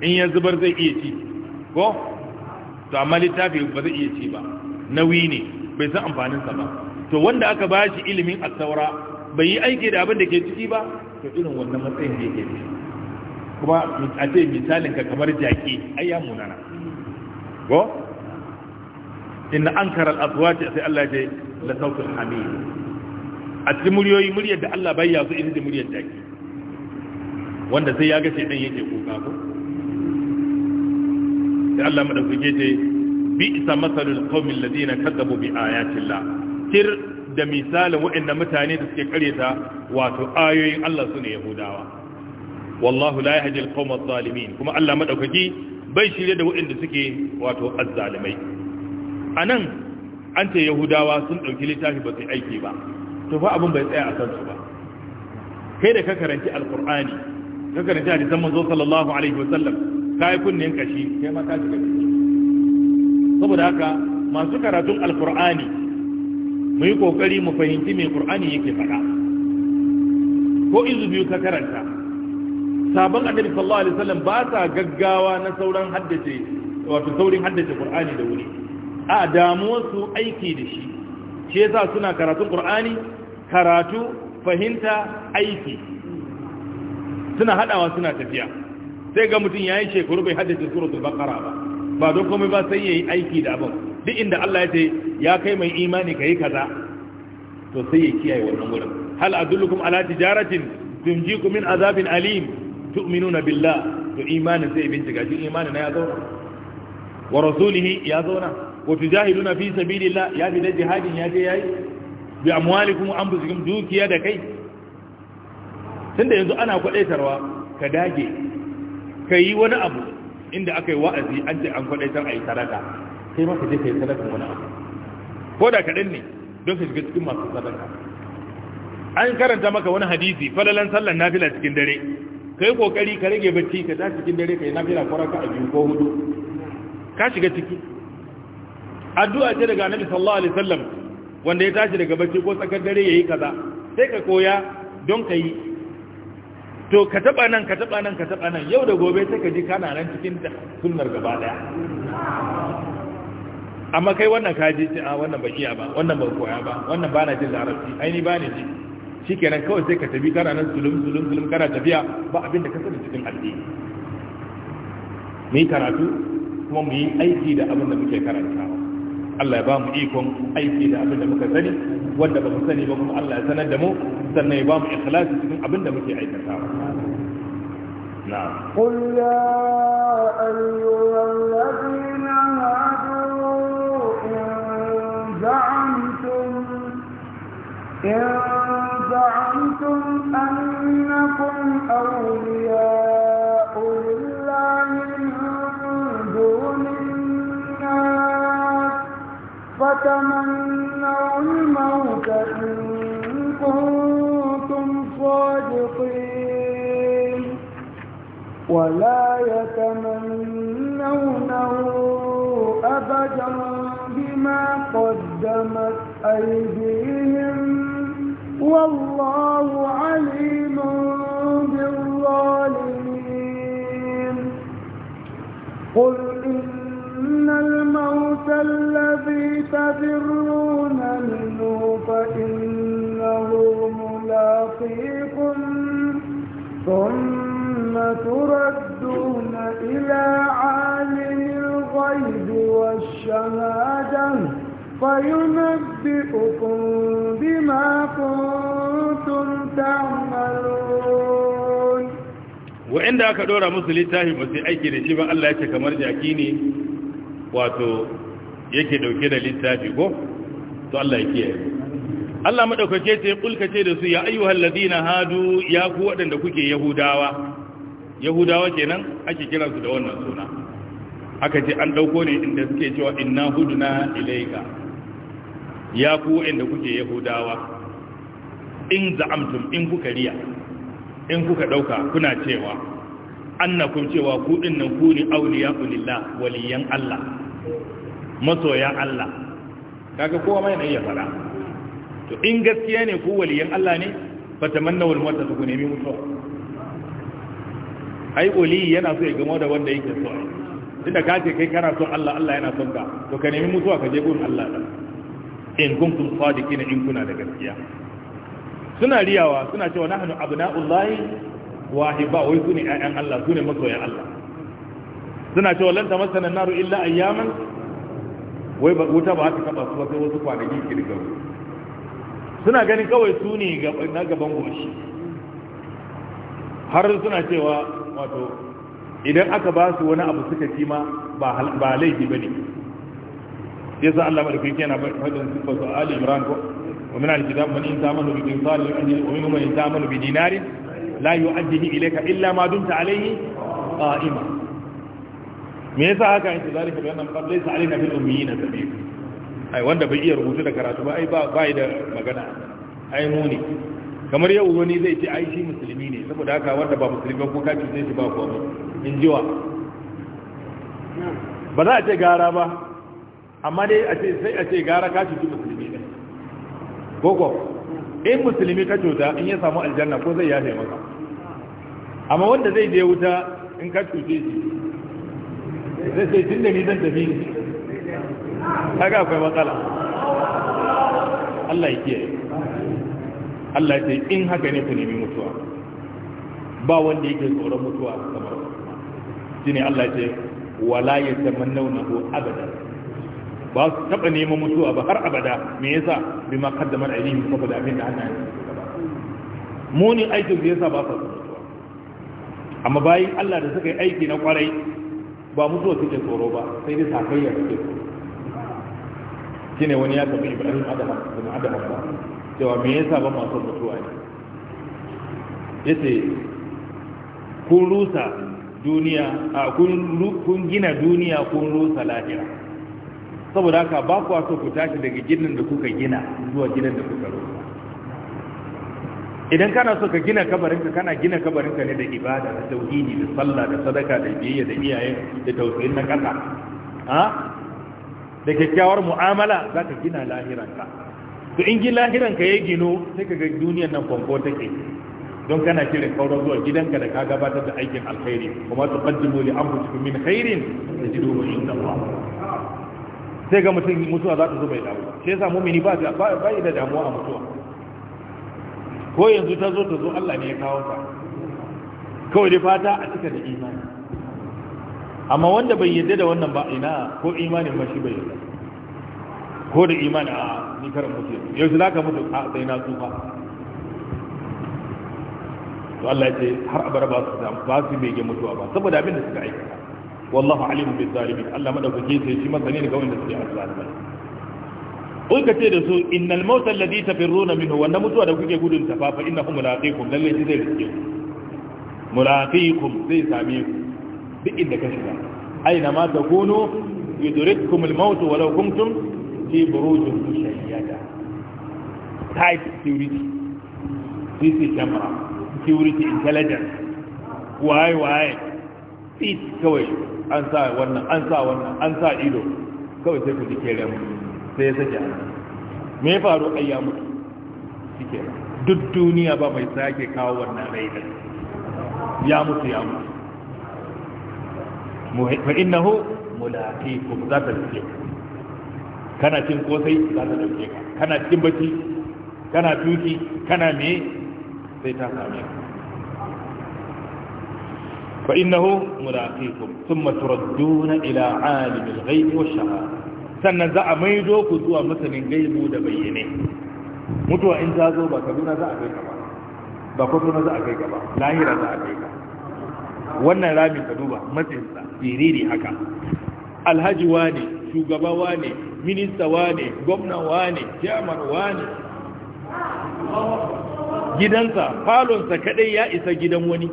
in ya zubar zai iya ci ko to amma littafi ba zai iya ci ba nauyi ne bai san amfaninsa ba to wanda aka ba shi ilimin saura bai yi aiki da abin da ke ciki ba to irin wannan matsayin da yake ciki kuma a ce misalin ka kamar jaki ai ya munana ko inna ankara al-aswati sai Allah ya ce la sautin hamid a cikin muryoyi muryar da Allah bai yaso ita da muryar jaki wanda sai ya gashe ɗan yake kuka ko sai Allah ke ce bi'sa masalul qaumil ladina kadzabu bi ayati la tir da misalin waɗanda mutane da suke karyata wato ayoyin Allah su ne Yahudawa wallahu la yahdi al-qawma adh-dhalimin kuma Allah madaukaki bai shirye da waɗanda suke wato azzalimai anan an ce yahudawa sun dauki littafi ba sai aiki ba to fa abin bai tsaya a kansu ba kai da ka karanci alqur'ani ka karanci hadisan manzo sallallahu alaihi wasallam kai kunnen kashi kai ma ka shiga saboda haka masu karatun alqur'ani mu yi kokari mu fahimci me qur'ani yake faɗa ko izu biyu ka karanta sabon annabi sallallahu alaihi wasallam ba sa gaggawa na sauran haddace wato saurin haddace qur'ani da wuri a damuwar su aiki da shi shi yasa suna karatun qur'ani karatu fahimta aiki suna hadawa suna tafiya sai ga mutum yayi shekaru bai haddace suratul baqara ba ba don komai ba sai yayi aiki da abin duk inda Allah ya ce ya kai mai imani kai kaza to sai ya kiyaye wannan wurin hal adullukum ala tijaratin tunjikum min azabin alim tu'minuna billah to imanin zai bincika shi imanin na ya zauna wa rasulihi ya zauna wa tujahiduna fi sabilillah ya bi da jihadin ya je yayi bi amwalikum anfusikum dukiya da kai tunda yanzu ana kwadaitarwa ka dage ka yi wani abu inda aka yi wa'azi an ce an kwadaitar a yi sadaka sai ma ka je ka yi wani abu ko da kaɗan ne don ka shiga cikin masu sadaka an karanta maka wani hadisi falalan sallan nafila cikin dare kai kokari ka rage bacci ka tashi cikin dare kai nafila faraka a biyu ko hudu ka shiga ciki addu'a ce daga annabi sallallahu alaihi wasallam wanda ya tashi daga bacci ko tsakar dare yayi kaza sai ka koya don ka yi to ka taba nan ka taba nan ka taba nan yau da gobe sai ka ji kana nan cikin sunnar gaba daya amma kai wannan ka ji sai ah, a wannan bakiya ba wannan ba koya ba wannan ba na jin larabci aini ba ne ji shikenan kawai sai ka tafi kana nan zulum zulum zulum kana tafiya ba abin da ka sani cikin addini mu yi karatu kuma mu yi aiki da abin da muke karantawa Allah ya ba mu ikon aiki da abin da muka sani wanda ba mu sani ba kuma Allah ya sanar da mu sannan ya ba mu ikhlasi cikin abin da muke aikatawa نعم قل يا أيها الذين هادوا إن زعمتم إن زعمتم أنكم أولياء لله من دون الناس فتمنوا الموت إن كنتم صادقين ولا يتمنونه أبدا بما قدمت أيديهم الله aka dora musu littafi ba sai aiki da shi ba Allah ya ce kamar jaki ne wato yake dauke da littafi ko to Allah ya yi. Allah madaukake ce kulka ce da su ya ayyuhal ladina hadu ya ku wadanda kuke yahudawa yahudawa kenan ake kiransu da wannan suna aka ce an dauko ne inda suke cewa inna huduna ilayka ya ku inda kuke yahudawa in za'amtum in kuka riya in kuka dauka kuna cewa kun cewa ku dinnan ku ne auliya ulillah waliyan Allah masoya Allah kaga kowa mai iya fara to in gaskiya ne ku waliyan Allah ne fa tamannaw al mawt ku nemi mutuwa ai wali yana so ya gamo da wanda yake so tunda ka ce kai kana son Allah Allah yana son ka to ka nemi mutuwa ka je gurin Allah da in kuntum sadiqina in kuna da gaskiya suna riyawa suna cewa nahnu abna'ullahi wahi ba wai su ne ƴaƴan Allah su ne masoyan Allah suna cewa lan ta masana naru illa ayyaman wai ba wuta ba ta taba su ba sai wasu kwanaki kirgaru suna ganin kawai su ne na gaban goshi har suna cewa wato idan aka ba su wani abu suka ci ma ba laifi ba ne ya sa Allah maɗauki yana faɗin sufa su Ali Imran ko wa min al-kitab man in tamanu bi dinari wa bi dinarin la yu'addihi ilaika illa ma dumta alaihi qa'ima me yasa haka yake zalika bayan nan qad laysa alaina bil ummiyina sabil ai wanda bai iya rubutu da karatu ba ai ba bai da magana ai mu ne kamar yau wani zai ce ai shi musulmi ne saboda haka wanda ba musulmi ko ka zai shi ba ko in jiwa ba za a ce gara ba amma dai a ce sai a ce gara ka shi musulmi ne ko in musulmi ka cuta in ya samu aljanna ko zai yafe maka amma wanda zai je wuta in ka cuce shi zai ce tun da ni zan tafi kaga akwai matsala Allah ya kiyaye Allah ya ce in haka ne ku nemi mutuwa ba wanda yake tsoron mutuwa kamar ne Allah ya ce wala ko abada ba su taba neman mutuwa ba har abada me yasa bima qaddamar alayhi saboda abin da Allah mu muni aikin da yasa ba su amma bayan Allah da suka yi aiki na kwarai ba mutuwa suke tsoro ba sai dai safayya suke tsoro ne wani ya tafi Ibrahim Adam bin adama ba cewa me yasa ba masu mutuwa ne yace kun rusa duniya a kun gina duniya kun rusa lahira saboda haka ba ku so ku tashi daga ginin da kuka gina zuwa gidan da kuka rusa idan kana so ka gina kabarinka kana gina kabarinka ne da ibada da tauhidi da sallah da sadaka da biyayya da iyaye da tausayin na ƙasa ha da kyakkyawar mu'amala za ka gina lahiranka to in gi lahiranka ya gino sai ka ga duniyar nan kwanko take don kana shirin kauran zuwa gidanka da ka gabatar da aikin alkhairi kuma su qaddimu li anfusikum min khairin tajiduhu inda Allah sai ga mutum mutuwa za ta zo bai dawo sai yasa mu'mini ba ba da damuwa a mutuwa ko yanzu ta zo ta zo Allah ne ya kawo ta kawai dai fata a cika da imani amma wanda bai yadda da wannan ba ina ko imanin ma shi bai yadda ko da imani a ni mutu yau shi zaka mutu a sai na tsufa to Allah ya ce har abara ba su samu ba su bege mutuwa ba saboda abin da suka aikata wallahu alimu bi zalimin Allah madaukake sai shi masani ne ga wanda suke azzalimi kun ka ce da su innal mauta alladhi tafirruna minhu wanda mutuwa da kuke gudun ta fa fa innahu mulaqikum lalle shi zai riske ku mulaqikum zai sami ku duk inda ka shiga aina ma takunu yudrikkum al-maut walau kuntum fi burujin mushayyada Type security cc camera security intelligence waye waye fit kawai an sa wannan an sa wannan an sa ido kawai sai ku ji kere mu sai ya sake hannu me ya faru ai ya mutu shike duk duniya ba mai sake kawo wannan rai da ya mutu ya mutu fa innahu mulaqikum za ta dace kana cin kosai za ta dauke ka kana cin bacci kana tuki kana me sai ta same ka فإنه ملاقيكم ثم تردون إلى عالم الغيب والشهادة sannan za a maido ku zuwa masanin gaibu da bayyane mutuwa in ta zo ba kaduna za a kai ka ba ba kwatuna za a kai ka ba lahira za a kai ka wannan ramin ka duba matsinsa siriri haka alhaji wane shugaba wane minista wane gwamna wane jaman wane gidansa falonsa kadai ya isa gidan wani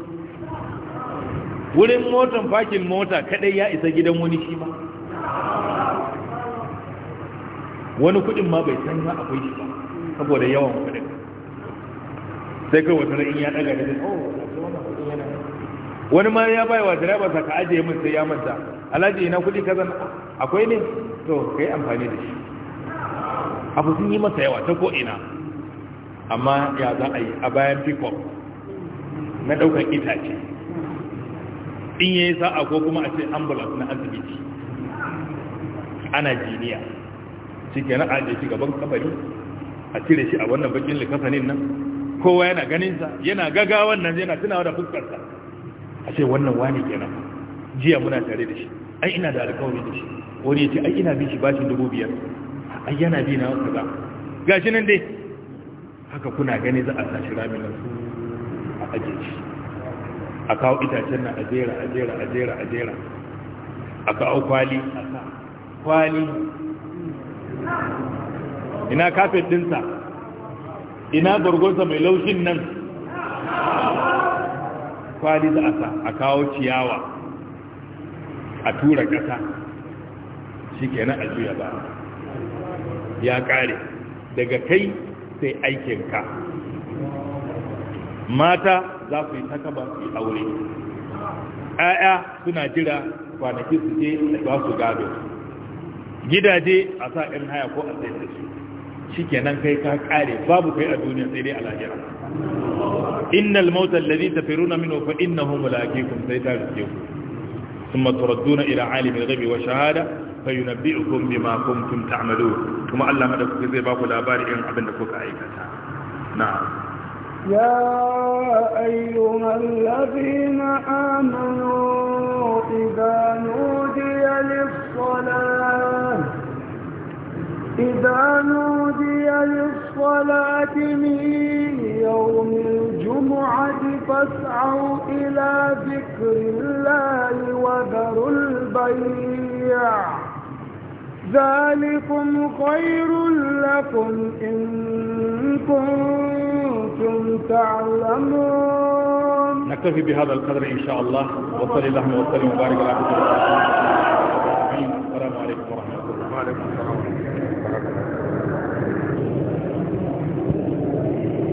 wurin motan fakin mota kadai ya isa gidan wani shi ba wani kudin ma bai san ya akwai shi ba saboda yawan kudin sai kai wata in ya daga da oh, wani ma ya bai wa direba sa ka ajiye min sai ya manta alhaji ina kudi kazan akwai ne to kai amfani da shi abu sun yi masa yawa ta ko ina amma ya za a yi a bayan fiko na daukar itace in yayi sa'a ko kuma a ce ambulance na asibiti ana jiniya shi ke na ajiye shi gaban kafari a cire shi a wannan bakin likafanin nan kowa yana ganin sa yana gaga wannan yana tunawa da fuskar sa a ce wannan wani nan, jiya muna tare da shi ai ina da alƙawari da shi wani ya ce ai ina bi shi bashin dubu biyar ai yana bi na ga gashi nan dai haka kuna gani za a sashi ramin nan a ajiye shi a kawo itacen nan a jera a jera a jera a jera a kawo kwali a kwali ina kafet dinsa ina gorgonsa mai laushin nan kwali da asa a kawo ciyawa a tura ƙasa shi ke na ajiya ba ya ƙare daga kai sai aikinka mata za su yi takaba su yi aure ƴaƴa suna jira kwanaki su ce ba su gado gidaje a sa ‘yan haya ko a sai su shikenan kai ka kare babu kai a duniya sai dai a lahira innal mauta alladhi tafiruna minhu fa innahu mulaqikum sai ta rike ku thumma turadduna ila alimi al-ghaibi wa shahada fayunabbi'ukum bima kuntum ta'malun kuma Allah madaukake zai baku labari irin abin da kuka aikata na'am يا أيها الذين آمنوا إذا نودي للصلاة إذا نودي للصلاة من يوم الجمعة فاسعوا إلى ذكر الله وذروا البيع ذلكم خير لكم إن كنتم تعلمون نكتفي بهذا القدر إن شاء الله وصلي اللهم وسلم وبارك على سيدنا محمد